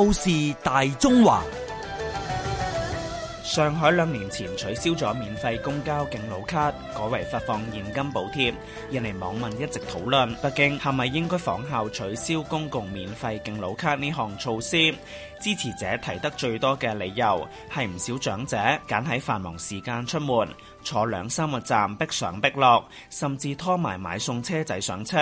透視大中華，上海兩年前取消咗免費公交敬老卡，改為發放現金補貼。引嚟網民一直討論，北京係咪應該仿效取消公共免費敬老卡呢項措施？支持者提得最多嘅理由係唔少長者揀喺繁忙時間出門。坐兩三個站，逼上逼落，甚至拖埋買餸車仔上車，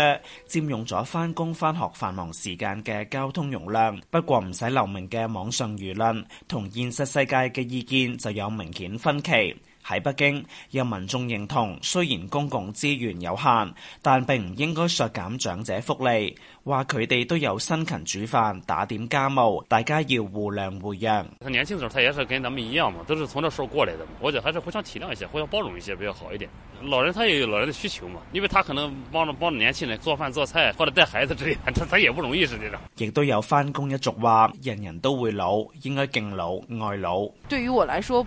佔用咗返工返學繁忙時間嘅交通容量。不過唔使留名嘅網上輿論同現實世界嘅意見就有明顯分歧。喺北京，有民眾認同，雖然公共資源有限，但並唔應該削減長者福利。話佢哋都有辛勤煮飯、打點家務，大家要互諒互讓。他年輕時候他也是跟咱們一樣嘛，都是從這時候過來的嘛，我覺得還是互相體諒一些，互相包容一些比較好一點。老人他也有老人的需求嘛，因為他可能幫着幫着年輕人做飯做菜或者帶孩子之類，他他也不容易實際上。亦都有返工一族話，人人都會老，應該敬老愛老。對於我來說。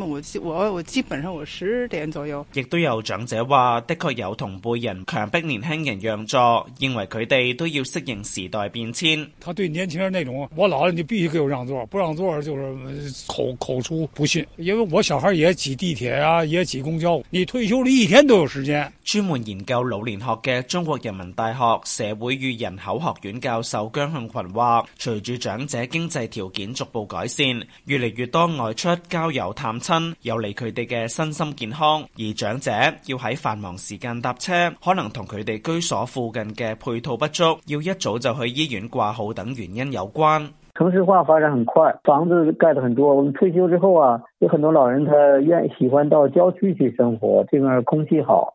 我我我基本上我十點左右，亦都有長者話的確有同輩人強迫年輕人讓座，認為佢哋都要適應時代變遷。他對年輕人那種我老了你必須給我讓座，不讓座就是口口出不遜。因為我小孩也擠地鐵啊，也擠公交，你退休了一天都有時間。專門研究老年學嘅中國人民大學社會與人口學院教授姜向群話，隨住長者經濟條件逐步改善，越嚟越多外出交友探。親有利佢哋嘅身心健康，而長者要喺繁忙時間搭車，可能同佢哋居所附近嘅配套不足，要一早就去醫院掛號等原因有關。城市化發展很快，房子蓋得很多。我們退休之後啊，有很多老人，他願意喜歡到郊區去生活，這邊空氣好。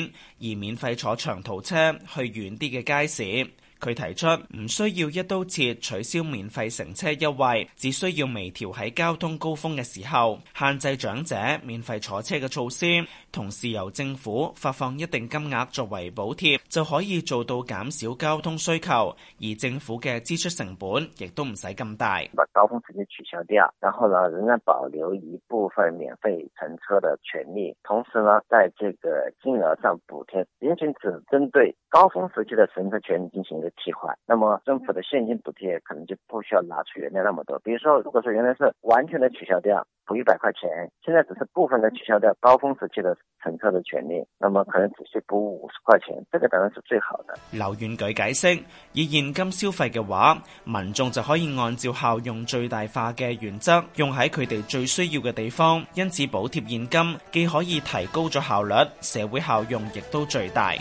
而免費坐長途車去遠啲嘅街市。佢提出唔需要一刀切取消免費乘車優惠，只需要微調喺交通高峰嘅時候限制長者免費坐車嘅措施，同時由政府發放一定金額作為補貼，就可以做到減少交通需求，而政府嘅支出成本亦都唔使咁大。把高峰時間取消掉，然後呢仍然保留一部分免費乘車嘅權利，同時呢在這個金額上補貼，僅僅只針對高峰時期的乘車權利進行嘅。替換，那麼政府的現金補貼可能就不需要拿出原來那麼多。比如說，如果說原來是完全的取消掉，補一百塊錢，現在只是部分的取消掉高峰時期的乘客的權利，那麼可能只需補五十塊錢，這個當然是最好的。劉遠舉解釋，以現金消費嘅話，民眾就可以按照效用最大化嘅原則，用喺佢哋最需要嘅地方，因此補貼現金既可以提高咗效率，社會效用亦都最大。